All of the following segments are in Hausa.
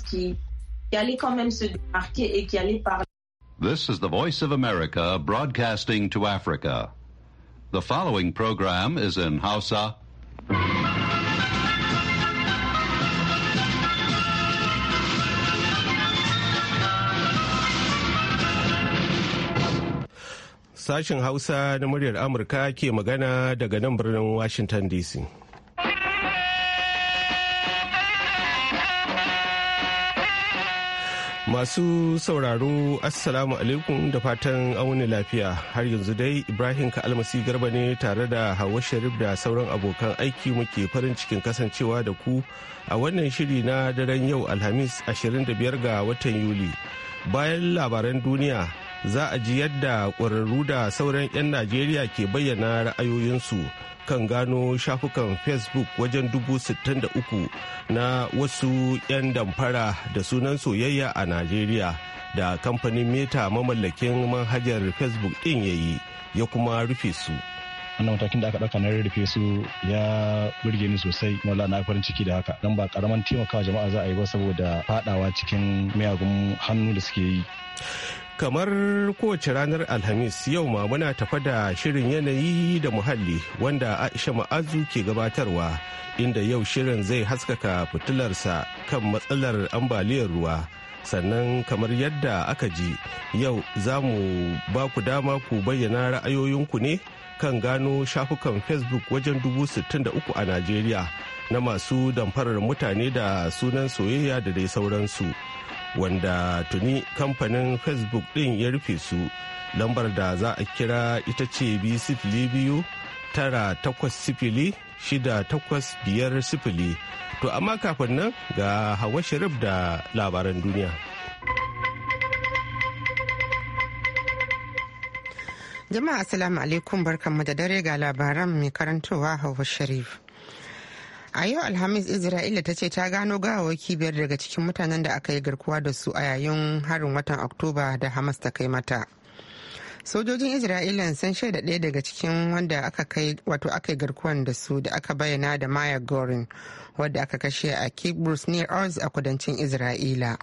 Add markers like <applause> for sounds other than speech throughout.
qui, qui allait quand même se démarquer et qui allait parler. This is the Voice of America broadcasting to Africa. The following program is in Hausa. Sashen Hausa na muryar Amurka ke magana daga nan birnin Washington DC. Masu sauraro Assalamu alaikum da fatan wani lafiya har yanzu dai Ibrahim ka almasi Garba ne tare da Hauwa Sharif da sauran abokan aiki muke farin cikin kasancewa da ku a wannan shiri na daren yau Alhamis 25 ga watan Yuli. Bayan labaran duniya za a ji yadda ƙwararru da sauran 'yan Najeriya ke bayyana ra'ayoyinsu. kan gano shafukan facebook wajen dubu sittin da uku na wasu 'yan damfara da sunan soyayya a najeriya da kamfanin meta mamallakin manhajar facebook din ya yi ya kuma rufe su wannan matakin da aka ɗauka na rarrafe su ya burge ni sosai wala na farin ciki da haka don ba karaman taimakawa jama'a za a yi ba saboda fadawa cikin miyagun hannu da suke yi kamar kowace ranar alhamis yau ma muna tafa da shirin yanayi da muhalli wanda aisha ma'azu ke gabatarwa inda yau shirin zai haskaka fitilarsa kan matsalar ambaliyar ruwa sannan kamar yadda aka ji yau za mu ba ku dama ku bayyana ra'ayoyinku ne kan gano shafukan facebook wajen dubu sittin da uku a najeriya na masu damfarar mutane da sunan soyayya da dai sauransu. wanda tuni kamfanin facebook ɗin ya rufe su lambar da za a kira ita ce biyu tara takwas sifili shida takwas biyar sifili to amma kafin nan ga hawa sharif da labaran duniya jama'a assalamu alaikum barkanmu da dare ga labaran mai karantowa hawa sharif a yau alhamis isra'ila ta ce ta gano gawawaki biyar daga cikin mutanen da aka yi garkuwa da su a yayin harin watan oktoba da hamas ta kai mata sojojin isra'ila sun shaida ɗaya daga cikin wanda aka kai wato aka yi garkuwan da su da aka bayyana da maya gorin wadda aka kashe a kibrus near oz a kudancin isra'ila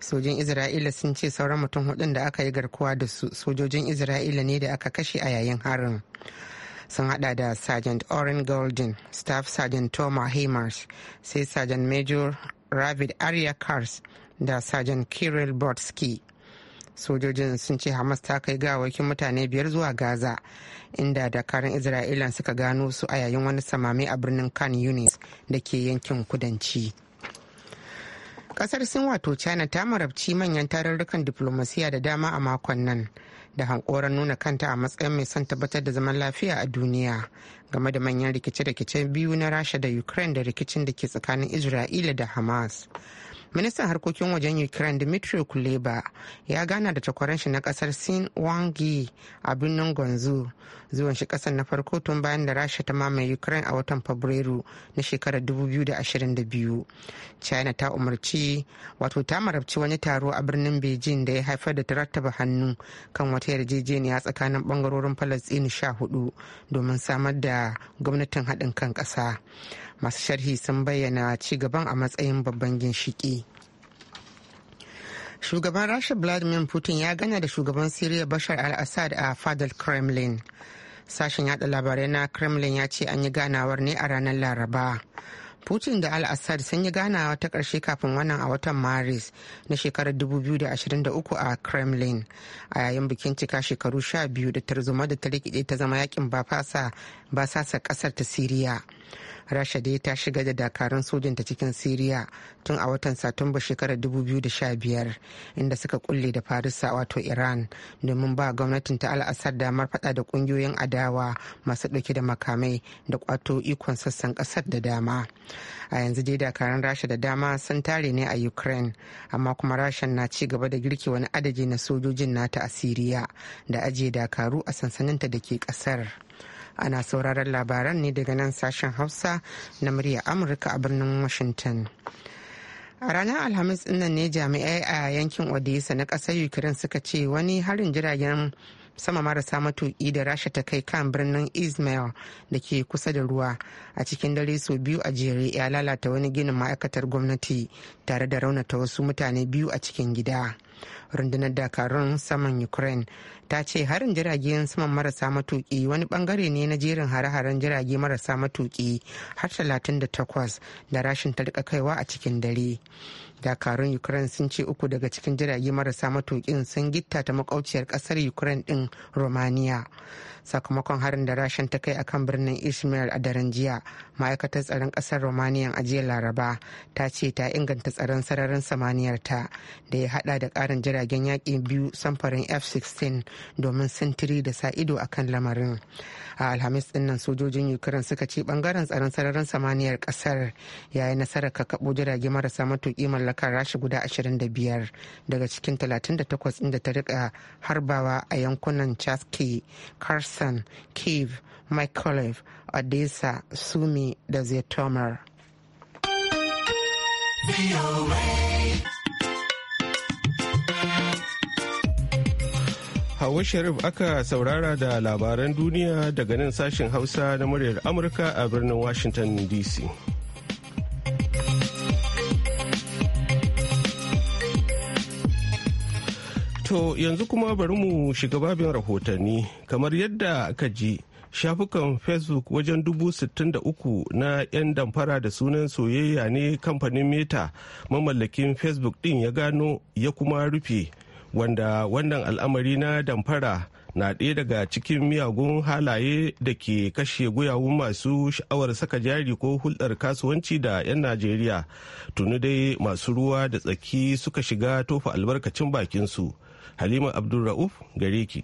sojin isra'ila sun ce sauran mutum hudun da aka yi garkuwa da su sojojin isra'ila ne da aka kashe a yayin harin sun hada da sergeant oren golden staff sergeant Thomas hamers sai sergeant major ravid arya kars da sergeant kirill Botsky. sojojin sun ce hamas ta kai gawakin mutane biyar zuwa gaza inda dakarun isra'ila suka gano su a yayin wani samami a birnin khan yunis da ke yankin kudanci kasar sin wato china ta marabci manyan tarurrukan diplomasiya da dama a makon nan da hankoran nuna kanta a matsayin mai son tabbatar da zaman lafiya a duniya game da manyan rikice rikicen biyu na rasha da ukraine da rikicin da ke tsakanin isra'ila da hamas ministan harkokin wajen ukraine dmitry kuleba ya gana da takwaran shi na kasar sin wang yi a birnin gonzu zuwan shi kasar na farko tun bayan da rasha ta mamaye ukraine a watan fabrairu na shekarar 2022 china ta umarci wato ta marabci wani taro a birnin beijing da ya haifar da tarattaba hannu kan wata yarjejeniya tsakanin bangarorin falastini 14 domin samar da gwamnatin haɗin kan ƙasa masu sharhi sun bayyana ci gaban a matsayin babban ginshiki shugaban rasha vladimir putin ya gana da shugaban syria bashar al-assad a fadal kremlin sashen yada labarai na kremlin ya ce an yi ganawar ne a ranar laraba putin da al-assad sun yi ganawa ta karshe kafin wannan a watan maris na shekarar 2023 a kremlin a yayin bikin cika shekaru 12 da tarzoma da ta rikide ta zama yakin sasa ƙasar ta siriya rasha dai ta shiga da dakarun sojinta cikin siriya tun a watan satumba shekarar 2015 inda suka kulle da farisa wato iran domin ba gwamnatin ta al'asar damar fada da kungiyoyin adawa masu dauke da makamai da kwato ikon sassan kasar da dama a yanzu dai dakarun rasha da dama sun tare ne a ukraine amma kuma rasha na ci gaba da girki wani adadi na sojojin nata a siriya da ajiye dakaru a sansaninta da ke kasar ana sauraron labaran ne daga nan sashen hausa na murya amurka a birnin washington a ranar alhamis dinnan ne jami'ai a yankin odisa na kasar ukraine suka ce wani harin jiragen sama marasa matuƙi da rasha ta kai kan birnin ismail da ke kusa da ruwa a cikin dare sau biyu a jere ya lalata wani ginin ma'aikatar gwamnati tare da raunata wasu mutane biyu a cikin gida. rundunar dakarun saman ukraine ta ce harin jiragen saman marasa matuki wani bangare ne na jerin hare-haren jirage marasa matuki har 38 da rashin ta kaiwa a cikin dare dakarun ukraine sun ce uku daga cikin jirage marasa matukin sun gitta ta makauciyar kasar ukraine din romania sakamakon harin da rashin ta kai akan birnin ismail a daren jiya ma'aikatar tsaron kasar romania a jiya laraba ta ce ta inganta tsaron sararin samaniyar ta da ya hada da karin jiragen yaƙi biyu samfarin f-16 domin sintiri da sa ido akan lamarin a alhamis dinnan sojojin ukraine suka ce bangaren tsaron sararin samaniyar kasar yayi nasarar kakabo jirage marasa matuki mallaka amurka rashi guda 25 daga cikin 38 inda ta rika harbawa a yankunan chaski carson kiev microwave odessa sumi da zetomar Hawa Sharif aka saurara da labaran duniya daga nan sashen Hausa na muryar Amurka a birnin Washington DC. To yanzu kuma bari mu shiga babin rahotanni kamar yadda aka ji shafukan facebook wajen dubu da uku na 'yan damfara da sunan soyayya ne kamfanin meta mamallakin facebook din ya gano ya kuma rufe wanda wannan al'amari na damfara na ɗaya daga cikin miyagun halaye da ke kashe guyawun masu sha'awar saka jari ko hulɗar kasuwanci da 'yan najeriya tuni dai masu ruwa da tsaki suka shiga tofa albarkacin bakinsu halima abdulra'uf gare ki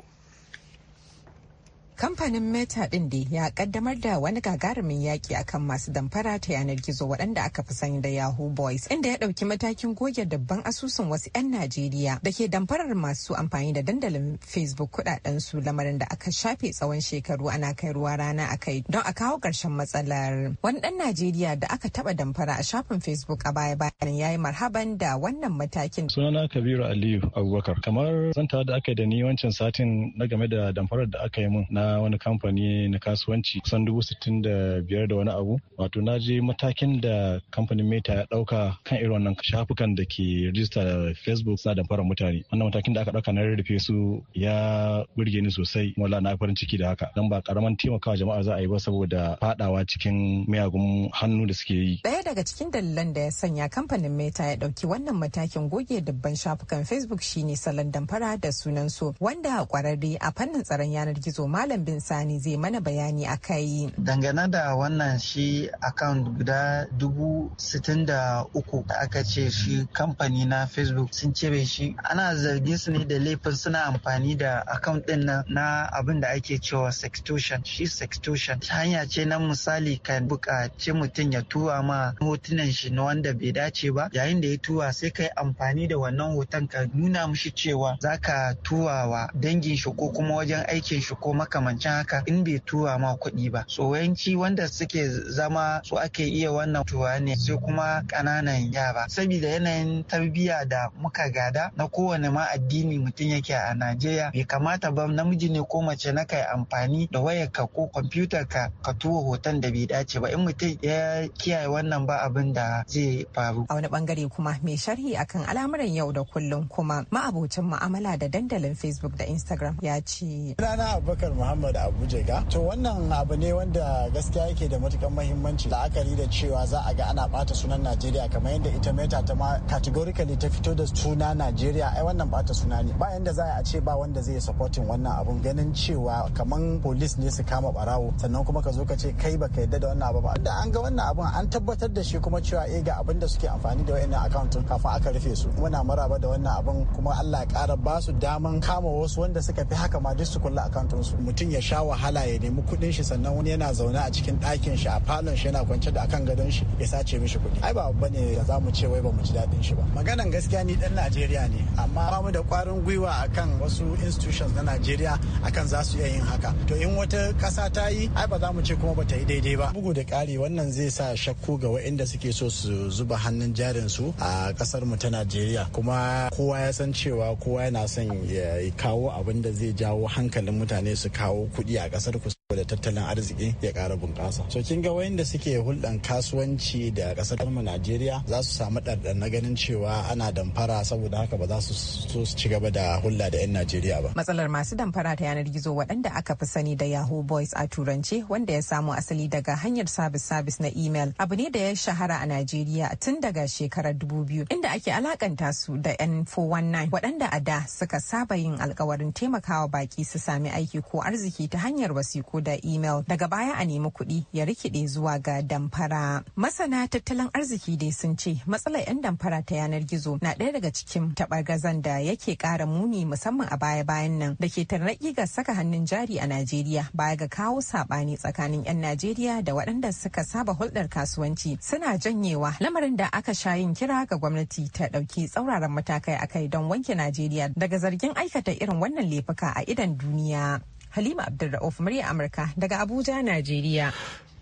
kamfanin meta din dai ya kaddamar da wani gagarumin yaki akan masu damfara ta yanar gizo waɗanda aka fi sani da yahoo boys inda ya ɗauki matakin goge dabban asusun wasu 'yan najeriya da ke damfarar masu amfani da dandalin facebook kuɗaɗen su lamarin da aka shafe tsawon shekaru ana kai ruwa rana a kai don a kawo ƙarshen matsalar wani ɗan najeriya da aka taɓa damfara a shafin facebook a baya bayan ya yi marhaban da wannan matakin sunana kabiru aliyu abubakar kamar zanta da aka yi da ni wancan satin na game da damfarar da aka yi mun na wani kamfani na kasuwanci kusan dubu sittin da biyar da wani abu wato na je matakin da kamfanin meta ya dauka kan irin wannan shafukan da ke rijista da facebook suna da fara mutane wannan matakin da aka dauka na rarrafe su ya burge ni sosai wala na farin ciki da haka dan ba karaman taimakawa jama'a za a yi ba saboda fadawa cikin miyagun hannu da suke yi daya daga cikin dalilan da ya sanya kamfanin meta ya dauki wannan matakin goge dabban shafukan facebook shine salon damfara da sunan su wanda kwararre a fannin tsaron yanar gizo malam Malam Bin Sani zai mana bayani a kai. Dangane da wannan shi account guda dubu sittin da uku da aka ce shi kamfani na Facebook sun cire shi ana zargin su ne da laifin suna amfani da account din nan na abin da ake cewa sextortion shi sextortion hanya ce na misali ka buƙaci mutum ya tuwa ma hotunan shi na wanda bai dace ba yayin da ya tuwa sai ka yi amfani da wannan hoton ka nuna mishi cewa zaka tuwa wa dangin shi ko kuma wajen aikin shi ko makamai makamancin haka in bai tura ma kuɗi ba so wanda suke zama su ake iya wannan tura ne sai kuma ƙananan yara saboda yanayin tarbiyya da muka gada na kowane ma addini mutum yake a Najeriya bai kamata ba namiji ne ko mace na kai amfani da ka ko kwamfutar ka ka tura hoton da bai dace ba in mutum ya kiyaye wannan ba abin da zai faru. A wani bangare kuma mai sharhi akan al'amuran yau da kullum kuma ma'abocin mu'amala da dandalin Facebook da Instagram ya ce. Rana Abubakar Muhammad muhammad abujega to wannan abu ne wanda gaskiya yake da matukan mahimmanci la'akari da cewa za a ga ana bata sunan najeriya kamar yadda ita meta ta ma categorically ta fito da suna najeriya ai wannan bata suna ne bayan da za a ce ba wanda zai supporting wannan abun ganin cewa kamar police ne su kama barawo sannan kuma ka zo ka ce kai baka yadda da wannan abu ba da an ga wannan abun an tabbatar da shi kuma cewa eh ga abin da suke amfani da wayannan akauntun kafin aka rufe su muna maraba da wannan abun kuma Allah ya kara ba su daman kama wasu wanda suka fi haka ma duk su kulla akauntun su mutum ya sha wahala ya nemi kuɗin shi sannan wani yana zaune a cikin ɗakin shi a falon shi yana kwance da akan gadon shi ya sace mishi kuɗi ai ba bane da mu ce wai ba mu ji daɗin shi ba maganan gaskiya ni dan Najeriya ne amma ba mu da ƙwarin gwiwa akan wasu institutions na Najeriya akan za su iya yin haka to in wata ƙasa ta yi ai ba za mu ce kuma ba ta yi daidai ba bugu da ƙari wannan zai sa shakku ga waɗanda suke so su zuba hannun jarin su a ƙasar mu ta Najeriya kuma kowa ya san cewa kowa yana son ya kawo abin da zai jawo hankalin mutane su kawo kawo kuɗi a ƙasar ku da tattalin arziki ya kara bunƙasa. So kin ga wayanda suke hulɗan kasuwanci da ƙasar mu Najeriya za su samu ɗarɗar na ganin cewa ana damfara saboda haka ba za su so su ci gaba da hulɗa da 'yan Najeriya ba. Matsalar masu damfara ta yanar gizo waɗanda aka fi sani da Yahoo Boys a turance wanda ya samo asali daga hanyar sabis sabis na email abu ne da ya shahara a Najeriya tun daga shekarar 2000 inda ake alakanta su da 'yan 419 waɗanda a da suka saba yin alkawarin taimakawa baki su sami aiki ko arziki ta hanyar wasiƙu da email daga baya a nemi kuɗi ya rikide zuwa ga damfara. Masana tattalin arziki dai sun ce matsalar 'yan damfara ta yanar gizo na ɗaya daga cikin taɓargazan da yake ƙara muni musamman a baya-bayan nan da ke tarnaƙi ga saka hannun jari a Najeriya baya ga kawo saɓani tsakanin 'yan Najeriya da waɗanda suka saba hulɗar kasuwanci suna janyewa lamarin da aka sha yin kira ga gwamnati ta ɗauki tsauraran matakai akai don wanke Najeriya daga zargin aikata irin wannan laifuka a idan duniya. Halima Abdulra'uf murya Amurka daga Abuja, Najeriya.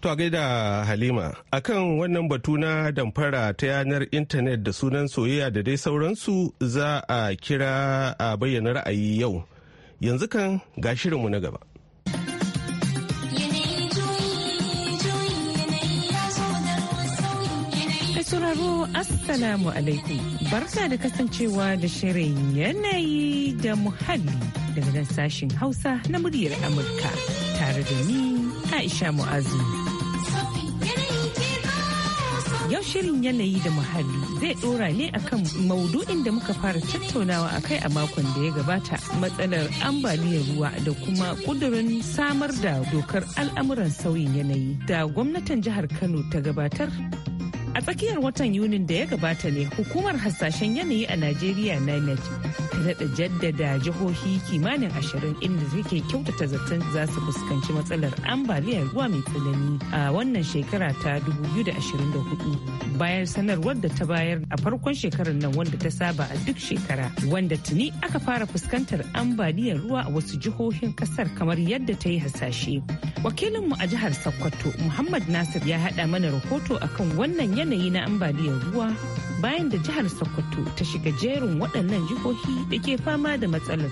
To gaida Halima, akan wannan batu na damfara ta yanar intanet da sunan soyayya da dai sauransu za a kira a bayyana ra'ayi yau. Yanzu kan ga shirinmu na gaba. Assalamu alaikum. Barka da kasancewa da shirin yanayi da muhalli daga nan sashen Hausa na muryar Amurka tare da ni Aisha Mu'azu. Yau shirin yanayi da muhalli zai dora ne akan maudu'in da muka fara tattaunawa a kai a makon da ya gabata matsalar ambaliyar ruwa da kuma kudurin samar da dokar al'amuran sauyin yanayi da gwamnatin jihar Kano ta gabatar a tsakiyar watan yunin da ya gabata ne hukumar hasashen yanayi a najeriya nimet ta daɗa jaddada jihohi kimanin ashirin inda take kyautata zaton za su fuskanci matsalar ambaliyar ruwa mai tsanani a wannan shekara ta 2024 bayan sanarwar da ta bayar a farkon shekarar nan wanda ta saba a duk shekara wanda tuni aka fara fuskantar ambaliyar ruwa a wasu jihohin kasar kamar yadda ta yi hasashe wakilinmu a jihar sokoto muhammad nasir ya haɗa mana rahoto akan wannan yanayi na ambaliyar ruwa bayan da jihar Sokoto ta shiga jerin waɗannan jihohi da ke fama da matsalar.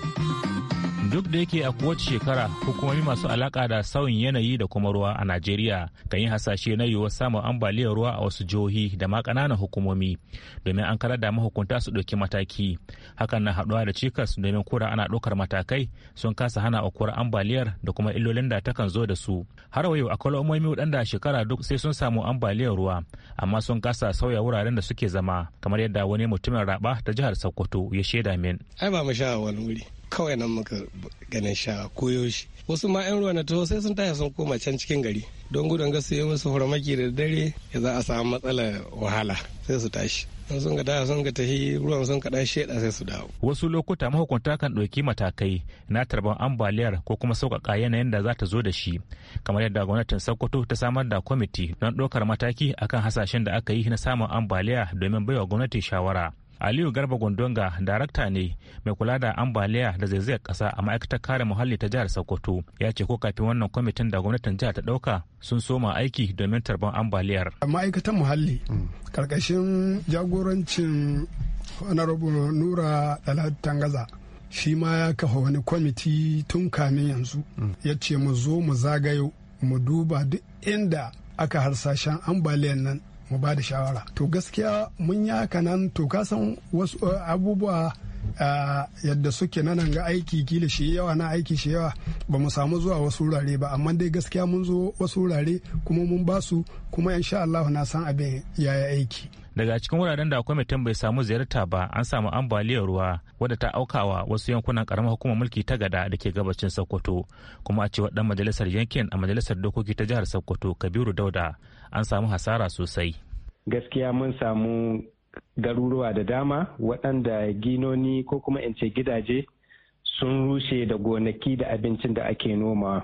duk da yake a kowace shekara hukumomi masu alaka da sauyin yanayi da kuma ruwa a najeriya kan yi hasashe na yiwuwar samun ambaliyar ruwa a wasu jihohi da ma kananan hukumomi domin an karar da mahukunta su ɗauki mataki hakan na haɗuwa da cikas domin kura ana ɗaukar matakai sun kasa hana aukuwar ambaliyar da kuma illolin da takan zo da su har wayo akwai al'ummomi waɗanda shekara duk sai sun samu ambaliyar ruwa amma sun kasa sauya wuraren da suke zama kamar yadda wani mutumin raba ta jihar sokoto ya shaida min ai ba mu sha wani wuri kawai nan muka ganin sha shi wasu ma 'yan ruwa na taho sai sun taya sun koma can cikin gari don gudun gasu yi musu farmaki da dare ya za a samu matsalar wahala sai su tashi in sun gada sun ga tahi ruwan sun kaɗa sheda sai su dawo. Wasu lokuta mahukunta kan ɗauki matakai na tarban ambaliyar ko kuma sauƙaƙa yanayin da za ta zo da shi. Kamar yadda gwamnatin Sokoto ta samar da kwamiti don ɗaukar mataki akan hasashen da aka yi na samun ambaliya domin baiwa gwamnati shawara. aliyu garba gondonga darakta ne mai kula da ambaliya da zaizayar kasa a ma'aikatar kare muhalli ta jihar sokoto ya ce ko kafin wannan kwamitin da gwamnatin jihar ta dauka sun soma aiki domin tarban ambaliyar ma'aikatar muhalli karkashin jagorancin honorable nura dalhat tangaza shi ma ya kafa wani kwamiti tun kamin yanzu ya ce mu zo mu zagayo mu duba duk inda aka harsashen ambaliyar nan mu ba da shawara to gaskiya mun yi haka nan to ka san wasu eh, abubuwa eh, yadda suke na nan ga aiki kila shi yawa na aiki shi yawa ba mu samu zuwa wasu wurare ba amma dai gaskiya mun zo wasu wurare kuma mun ba su kuma insha Allah na san abin yaya aiki daga cikin wuraren da kwamitin bai samu ziyarta ba an samu ambaliyar ruwa wadda ta aukawa wasu yankunan karamar hukumar mulki ta gada da ke gabacin sokoto kuma a cewar dan majalisar yankin a majalisar dokoki ta jihar sokoto kabiru dauda an samu hasara sosai gaskiya mun samu garuruwa da dama waɗanda ginoni ko kuma in ce gidaje sun rushe da gonaki da abincin da ake noma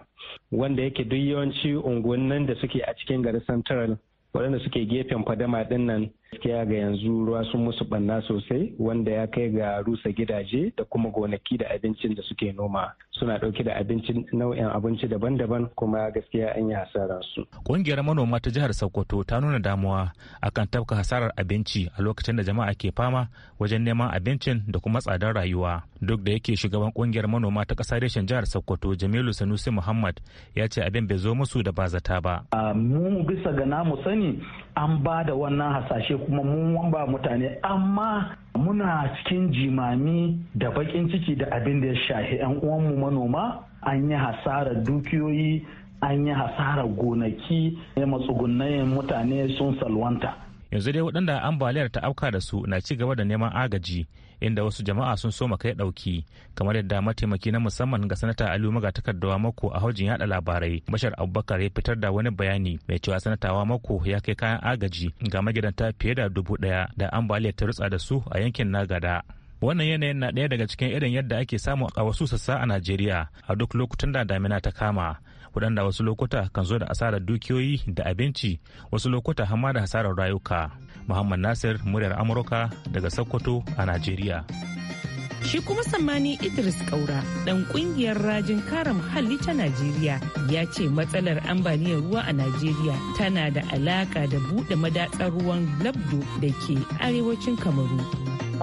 wanda yake duk yawanci unguwannin da suke a cikin garin central waɗanda suke gefen fadama ɗin nan gaskiya ga yanzu ruwa sun musu banna sosai wanda ya kai ga rusa gidaje da kuma gonaki da abincin da suke noma suna ɗauke da abincin nau'in abinci daban-daban kuma gaskiya an yi hasara su. Ƙungiyar manoma ta jihar Sokoto ta nuna damuwa akan tafka hasarar abinci a lokacin da jama'a ke fama wajen neman abincin da kuma tsadar rayuwa. Duk da yake shugaban ƙungiyar manoma ta ƙasa reshen jihar Sokoto Jamilu Sanusi Muhammad ya ce abin bai zo musu da bazata ba. Mu bisa ga namu sani an ba da wannan hasashe kuma mun wamba mutane amma muna cikin jimami da baƙin ciki da abin da ya shafi 'yan uwanmu manoma an yi hasarar dukiyoyi an yi hasarar gonaki matsugunayen mutane sun salwanta yanzu dai waɗanda ambaliyar ta afka da su na ci gaba da neman agaji inda wasu jama'a sun soma kai ɗauki kamar yadda mataimaki na musamman ga sanata aliyu magatakardawa mako a haujin yada labarai bashar abubakar ya fitar da wani bayani mai cewa sanatawa mako ya kai kayan agaji ga magidanta fiye da dubu ɗaya da ambaliyar ta rutsa da su a yankin nagada wannan yanayin na ɗaya daga cikin irin yadda ake samu a wasu sassa a najeriya a duk lokutan da damina ta kama waɗanda wasu lokuta kan zo da asarar dukiyoyi da abinci wasu lokuta hamma da hasarar rayuka muhammad nasir muryar amurka daga sokoto a najeriya Shi kuma sammani Idris Kaura ɗan ƙungiyar rajin kare muhalli ta Najeriya ya ce matsalar ambaliyar ruwa a Najeriya tana da alaƙa da buɗe madatsar ruwan labdo da ke arewacin Kamaru.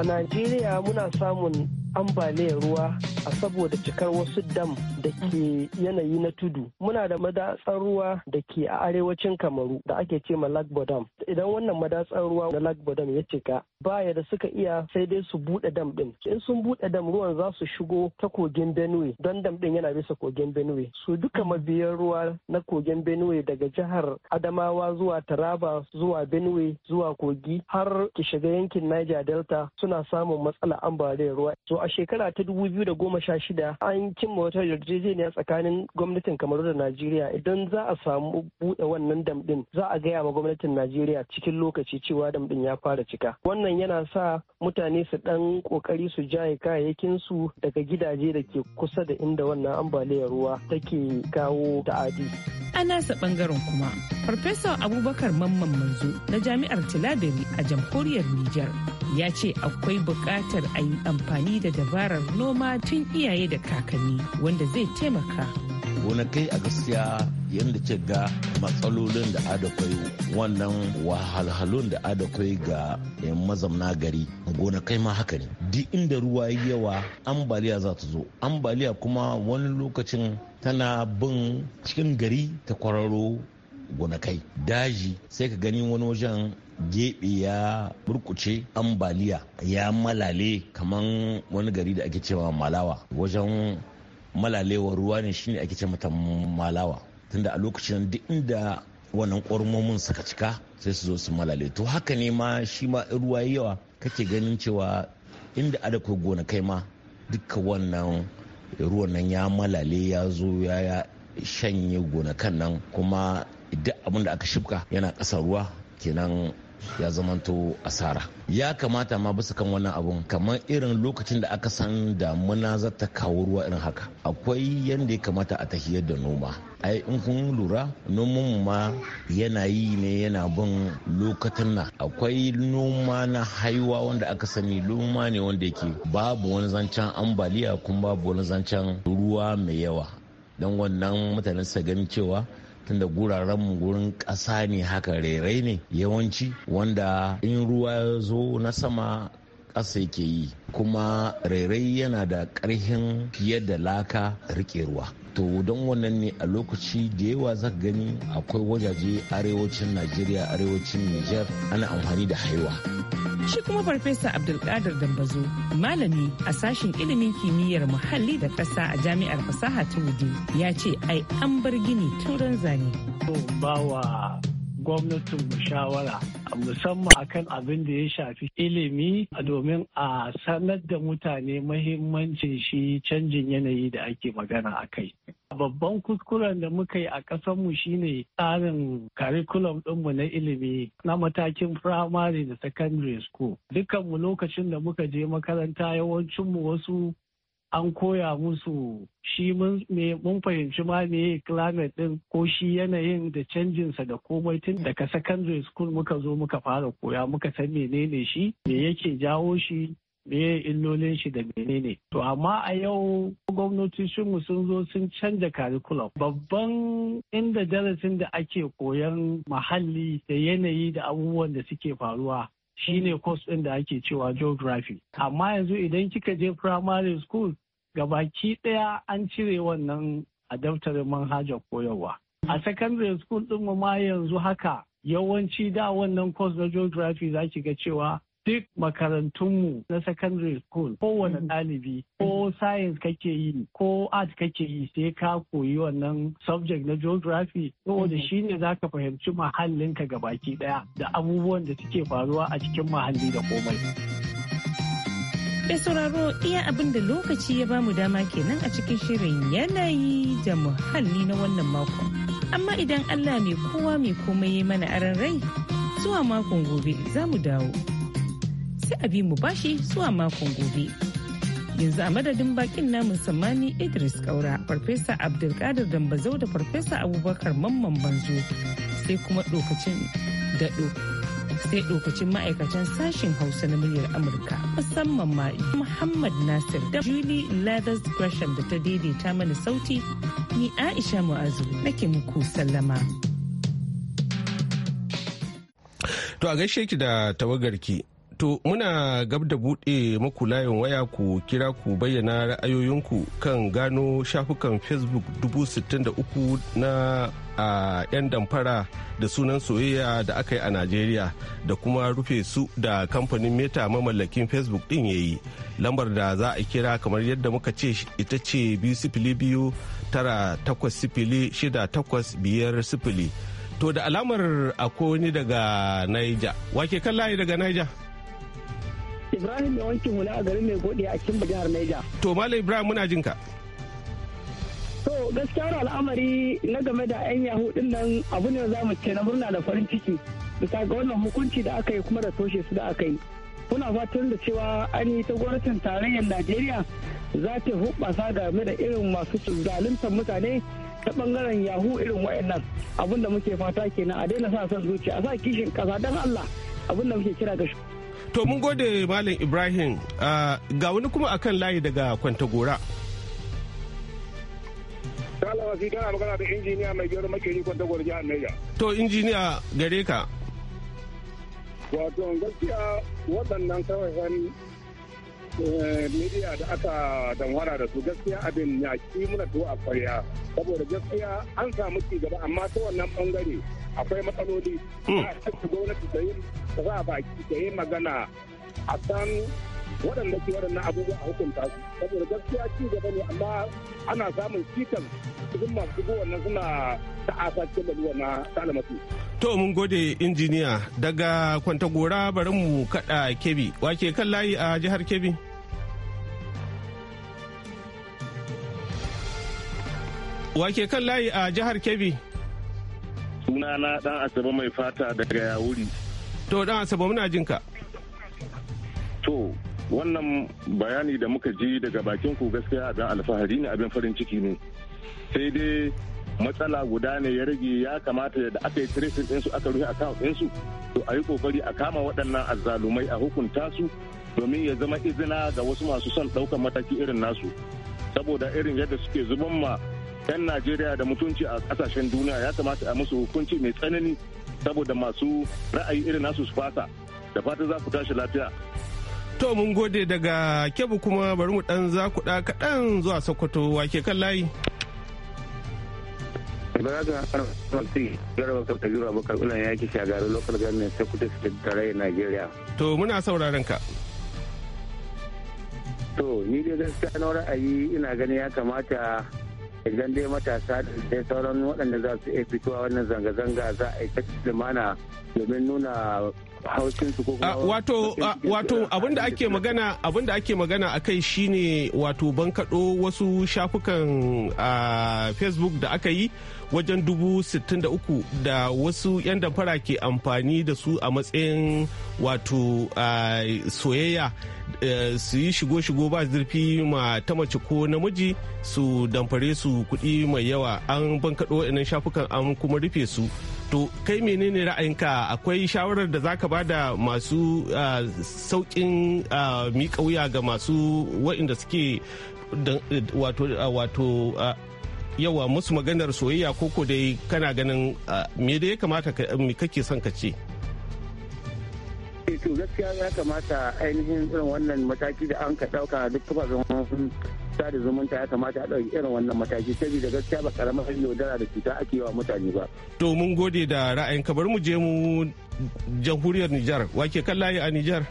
A Najeriya muna samun ambaliyar ruwa a saboda cikar wasu dam da ke yanayi na tudu muna da madatsar ruwa da ke a arewacin kamaru da ake ce ma lagbo dam idan wannan madatsar ruwa na lagbo dam ya cika baya da suka iya sai dai su buɗe dam ɗin in sun buɗe dam ruwan za su shigo ta kogin benue don dam ɗin yana bisa kogin benue su duka mabiyan ruwa na kogin benue daga jihar adamawa zuwa taraba zuwa benue zuwa kogi har ki shiga yankin niger delta suna samun matsala ambaliyar ruwa to a shekara ta dubu biyu da goma sha shida an cimma wata yarjejeniya tsakanin gwamnatin kamaru da najeriya idan za a samu buɗe wannan dam ɗin za a gaya ma gwamnatin najeriya cikin lokaci cewa dam ya fara cika wannan yana sa mutane su ɗan kokari su jaye kayayyakin su daga gidaje da ke kusa da inda wannan ambaliyar ruwa take kawo ta'adi. a nasa bangaren kuma farfesa abubakar mamman manzo na jami'ar tilabiri a jamhuriyar niger ya ce akwai buƙatar a yi amfani da dabarar noma tun cikin iyaye da kakanni wanda zai taimaka gonakai a gaskiya yadda ce ga matsalolin da adakwai wannan wahalhalun da adakwai ga mazamna gari gonakai ma haka ne duk inda ruwa yi yawa ambaliya za ta zo ambaliya kuma wani lokacin tana bin cikin gari ta kwararo gonakai daji sai ka gani wani wajen gebe ya burkuce ambaliya ya malale kaman wani gari da ake cewa malawa wajen malalewar ruwa ne shine ake ce mata malawa tunda a lokacin duk inda wannan kwarmomin suka cika sai su zo su malale to haka ne ma shi ma ruwa yawa kake ganin cewa inda ada gona kai ma duka wannan ruwan nan ya malale ya zo ya shanye gonakan nan kuma duk abin da aka shifka yana ƙasa ruwa kenan ya zamanto asara ya kamata ma bisa kan wannan abun kamar irin lokacin da aka san damuna za ta kawo ruwa irin haka akwai yadda ya kamata a tahiyar da noma ai in kun lura noman ma yana yi ne yana bin lokacin na. akwai noma na haiwa wanda aka sani noma ne wanda yake babu wani zancen ambaliya kuma babu wani zancen ruwa mai yawa don wannan mutanen sa cewa tunda guraren mu gurin ƙasa ne haka rairai ne yawanci wanda in ruwa ya zo na sama ƙasa yake yi kuma rairai yana da ƙarhin fiye da laka riƙe ruwa to don wannan ne a lokaci da yawa zaka gani akwai wajaje arewacin najeriya arewacin niger ana amfani da haiwa shi kuma farfesa abdulkadir dambazo malami a sashen ilimin kimiyyar muhalli da ƙasa a jami'ar fasaha ta wudi ya ce ai an bar gini tun zane. gwamnatin mu shawara musamman akan abin da ya shafi ilimi domin a sanar da mutane mahimmancin shi canjin yanayi da ake magana a kai. Babban kuskuren da muka yi a ƙasanmu shine tsarin curriculum ɗinmu na ilimi na matakin firamare da secondary school. Dukanmu lokacin da muka je makaranta yawancinmu wasu an koya musu shi mun fahimci ma ne climate din ko shi yanayin da canjinsa da komai tun daga secondary school muka zo muka fara koya muka san menene shi me yake jawo shi meye illolin shi da menene to amma a yau gwamnatocinmu sun zo sun canja curriculum babban inda darasin da ake koyan muhalli da yanayi da abubuwan da suke faruwa shine course ɗin da ake cewa geography amma yanzu idan kika je primary school baki ɗaya an cire wannan a daftarin manhajar koyarwa a secondary school ɗin ma yanzu haka yawanci da wannan course na geography za ki ga cewa duk makarantunmu na secondary school kowane mm-hmm. ɗalibi ko mm-hmm. science kake yi ko art kake yi sai ka koyi wannan subject na geography saboda mm-hmm. shi ne za ka fahimci mahallinka baki ɗaya da abubuwan da suke faruwa a cikin mahalli da komai. Mai sauraro iya abin da lokaci ya bamu dama kenan a cikin shirin yanayi da muhalli na wannan makon. Amma idan Allah mai kowa mai komai ya mana aran rai zuwa makon gobe za mu dawo. sai a bi mu bashi zuwa makon gobe. yanzu a madadin bakin namu samani idris kaura farfesa abdulkadir dambazau da farfesa abubakar mamman banzo sai kuma dokacin daɗo sai dokacin ma'aikatan sashen hausa na muryar amurka musamman ma muhammad nasir da julie leathers gresham da ta daidaita mana sauti ni aisha mu'azu nake muku sallama to a gaishe ki da tawagar ki. To muna gab da buɗe maku layin waya ku kira ku bayyana ra'ayoyinku kan gano shafukan Facebook uku na a 'yan damfara da sunan soyayya da aka yi a nigeria da kuma rufe su da kamfanin Meta mamallakin Facebook din ya yi. Lambar da za a kira kamar yadda muka ce ita ce biyu biyu tara takwas sifili shida takwas biyar sifili. To da alamar akwai wani daga Naija. Wake kan layi daga Naija? Ibrahim ya wankin hula a garin mai gode a cikin jihar Naija. To Malam Ibrahim muna jin ka. To gaskiya al'amari na game da 'yan yahu din nan abu ne za mu ce na murna da farin ciki bisa ga wannan hukunci da aka yi kuma da toshe su da aka yi. Muna fatan da cewa an yi ta gwamnatin tarayyar Najeriya za ta hubbasa game da irin masu zaluntar mutane ta bangaren yahu irin wayannan abinda muke fata kenan a daina sa son zuciya a sa kishin kasa don Allah abinda muke kira ga to mun gode malam ibrahim ah, ga wani kuma akan layi daga kwantagora Kala wasi kana magana da injiniya mai gero makeri kwantagora jihar Niger. To injiniya gare ka. Wato gaskiya waɗannan kawai Eh, media da aka damwara da su gaskiya abin ya ki muna to a kwarya saboda gaskiya an samu ci gaba amma ta wannan bangare akwai matsaloli a gwamnati da yin za a baki da yi magana a san waɗanda ke waɗannan abubuwa a hukunta su saboda gaskiya ci gaba ne amma ana samun cikas cikin masu shigo wannan suna ta'asa cikin da na talamatu. To mun gode injiniya daga Kwantagora bari mu kaɗa kebi wake kan layi a jihar kebi. Wake kan layi a jihar kebi. Sunana ɗan asaba mai fata daga Yawuri. To ɗan asaba muna jinka. To wannan bayani da muka ji daga bakin ku gaskiya abin alfahari ne abin farin ciki ne sai dai matsala guda ne ya rage ya kamata da aka yi tracing ɗinsu aka rufe account ɗinsu to a yi kokari a kama waɗannan azzalumai a hukunta su domin ya zama izina ga wasu masu son ɗaukar mataki irin nasu saboda irin yadda suke zuban ma 'yan najeriya da mutunci a ƙasashen duniya ya kamata a musu hukunci mai tsanani saboda masu ra'ayi irin nasu su fasa da fata za ku tashi lafiya To mun gode daga kebu kuma bari mu dan zakuɗa kaɗan zuwa Sokoto wake kan layi. Baraka Ramsi Garba Kafta Jura Bakar Ulan yaki shagari local government Sokoto State Tarayyar nigeria. To muna sauraron ka. To ni dai gaskiya na ra'ayi ina ganin ya kamata idan dai matasa da dai sauran waɗanda za su iya fitowa wannan zanga-zanga za a yi ta lumana domin nuna Ah, wato ah, abinda ake magana abinda ake magana akai shine wato bankaɗo wasu shafukan ah, facebook da aka yi wajen dubu sittin da uku da wasu 'yan damfara ke amfani da su a matsayin wato soyayya eh, su yi shigo-shigo ba zurfi ma ta mace ko namiji su damfare su kuɗi mai yawa an bankaɗo inan shafukan an kuma rufe su to kai menene ra'ayinka akwai shawarar da zaka bada masu ah, saukin ah, miƙa wuya ga masu waɗanda suke wato ah, yawa musu maganar soyayya ko dai kana ganin me da ya kamata kake son ka ce eh, to gaskiya ya kamata ainihin irin wannan mataki da an ka ɗauka duk sada zumunta ya kamata a ɗauki irin wannan mataki saboda gaskiya ba karamar yaudara da cuta ake yi wa mutane ba. To mun gode da ra'ayin kabar mu je mu jamhuriyar Nijar wake kan layi a Nijar.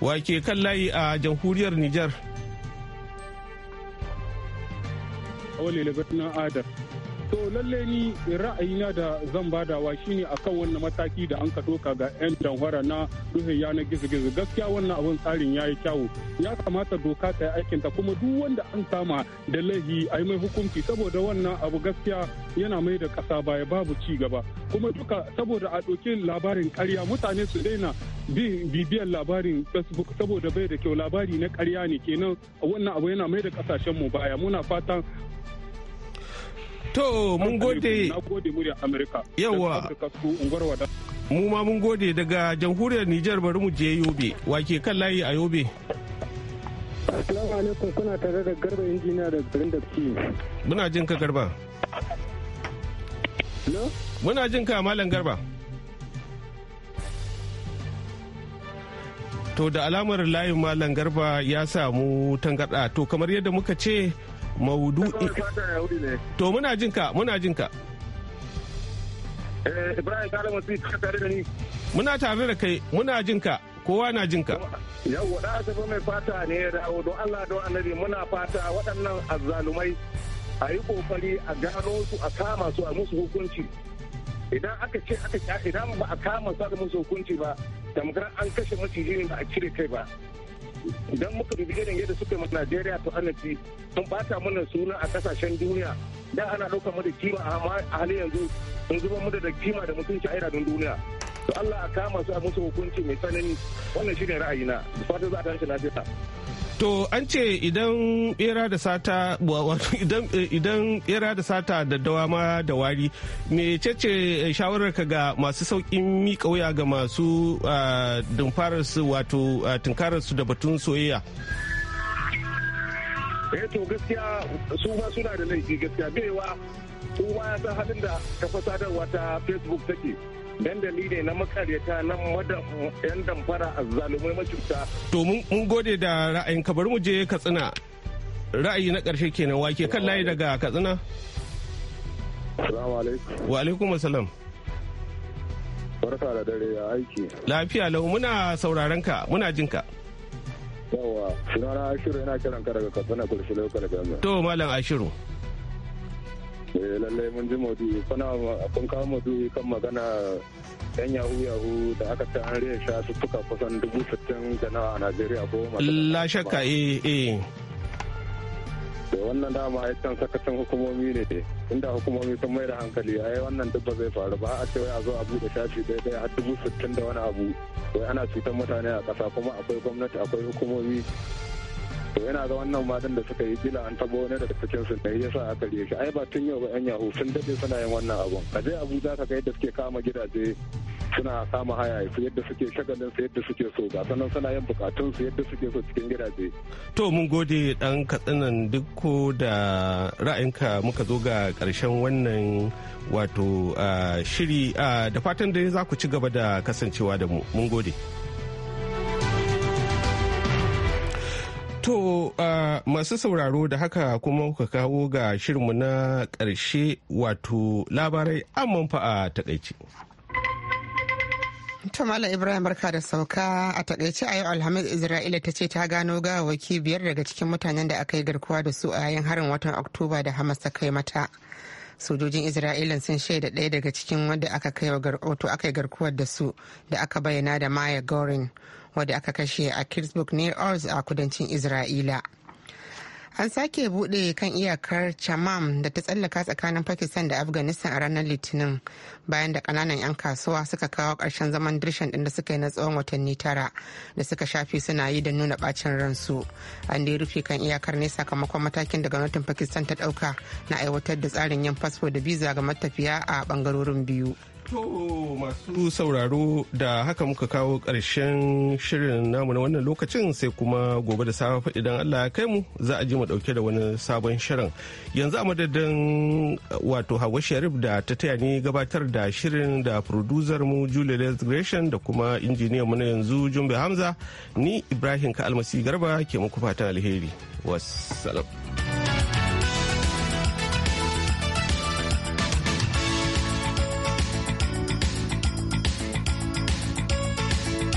Wake kan layi a jamhuriyar Nijar. To lalle ni ra'ayina da zan badawa shine akan wannan mataki da an ka doka ga 'yan danhwara na rufe yanar gizo-gizo gaskiya wannan abin tsarin ya yi kyawu ya kamata doka ta yi aikinta kuma duk wanda an kama da laifi a yi mai hukunci saboda wannan abu gaskiya yana mai da ƙasa baya babu ci gaba kuma duka saboda a ɗauki labarin karya mutane su daina bin bibiyar labarin facebook saboda bai da kyau labari na karya ne kenan wannan abu yana mai da kasashen mu baya muna fatan To mun gode. Yawwa. Mu ma mun gode daga jamhuriyar Nijar bari mu je Yobe. Wake kan layi a Yobe. Assalamu alaikum kuna tare da Garba injiniya da garin Dabci. Muna jin ka Garba. Muna jin ka Malam Garba. To da alamar layin Malam Garba ya samu tangarɗa to kamar yadda muka ce maudu'i to muna jin ka muna jin ka eh ibrahim ka tare da ni muna tare da kai muna jin ka kowa na jin ka yawwa da asafa mai fata ne da dawo don Allah do annabi muna fata waɗannan azzalumai a yi kokari a gano su a kama su a musu hukunci idan aka ce aka idan ba a kama su a musu hukunci ba tamkar an kashe maciji ne ba a cire kai ba idan muka dubi irin yadda suka yi Najeriya to annabi sun bata mana suna a kasashen duniya da ana ɗaukar mu da kima amma a halin yanzu sun zuba mu da kima da mutunci a iradun duniya to Allah a kama su a musu hukunci mai tsanani wannan shine ra'ayina fata za a tashi lafiya To an ce idan bera da sata <laughs> eh, idan bera da sata da dawama da wari mecece eh, shawararka ga masu saukin miƙa wuya ga masu ah, su wato ah, tunkararsu da batun soyayya. Eh to gaskiya su ma suna da laifi gaskiya baiwa su ya san halin da kafa sadarwa ta Facebook take. dandali ne na makaryata na yan damfara a zalumai macuta. To mun gode da ra'ayin ka bari mu je Katsina. Ra'ayi na ƙarshe kenan wake kan layi daga Katsina. Salamu alaikum. Wa alaikum assalam. Barka da dare ya aiki. Lafiya lau muna sauraron ka muna jin ka. Yawa, sunana Ashiru yana kiran ka daga Katsina Kulshi Lokal Gama. To Malam Ashiru. eh lallai mun ji maudu'i kuna kun kawo kan magana yan yahu yahu da aka ta an rage sha suka kusan dubu sittin da a najeriya ko la shakka eh eh da wannan dama yi can sakacin hukumomi ne dai inda hukumomi sun mai da hankali ai wannan dubba zai faru ba a ce wai a zo a bude shafi daidai a dubu sittin da wani abu wai ana cutar mutane a ƙasa kuma akwai gwamnati akwai hukumomi to yana ga wannan matan da suka yi gila an tabo wani daga cikin su ne sa aka riye shi ai ba tun yau ba yan yahu sun dade suna yin wannan abun a je abuja ka ga yadda suke kama gidaje suna kama haya su yadda suke shagalin su yadda suke so ga sanan suna yin bukatun su yadda suke so cikin gidaje to mun gode dan katsinan dukko da ra'ayinka muka zo ga karshen wannan wato ah, shiri ah, da fatan dai za ku ci gaba da kasancewa da mu mun gode To masu sauraro da haka kuma kuka kawo ga shirinmu na ƙarshe wato labarai amman fa'a a takaice. Ibrahim barka da sauka a takaice a yau Alhamis Isra'ila ta ce ta gano gawawaki biyar daga cikin mutanen da aka yi garkuwa da su a yayin harin watan Oktoba da Hamas ta kai mata. sojojin isra'ila sun shaida ɗaya daga cikin wanda aka kai wa wato aka yi garkuwar da su da aka bayyana da maya gorin wadda aka kashe a kirsburg near oz a kudancin isra'ila an sake bude kan iyakar chamam da ta tsallaka tsakanin pakistan da afghanistan a ranar litinin bayan da kananan 'yan kasuwa suka kawo karshen zaman dirshan din da suka yi na tsawon watanni tara da suka shafi suna yi da nuna bacin ransu an dai rufe kan iyakar ne sakamakon matakin da gwamnatin pakistan ta dauka na aiwatar da tsarin yin fasfo da biza ga matafiya a bangarorin biyu To masu sauraro da haka muka kawo ƙarshen shirin namu na wannan lokacin sai kuma gobe da safe idan Allah ya kai mu za a ji mu dauke da wani sabon shirin. Yanzu a madadin wato Hawa Sharif da ta taya ni gabatar da shirin da producer mu Julia Lesgration da kuma injiniyan mu na yanzu Jumbe Hamza ni Ibrahim Ka Almasi Garba ke muku fatan alheri. Wassalam.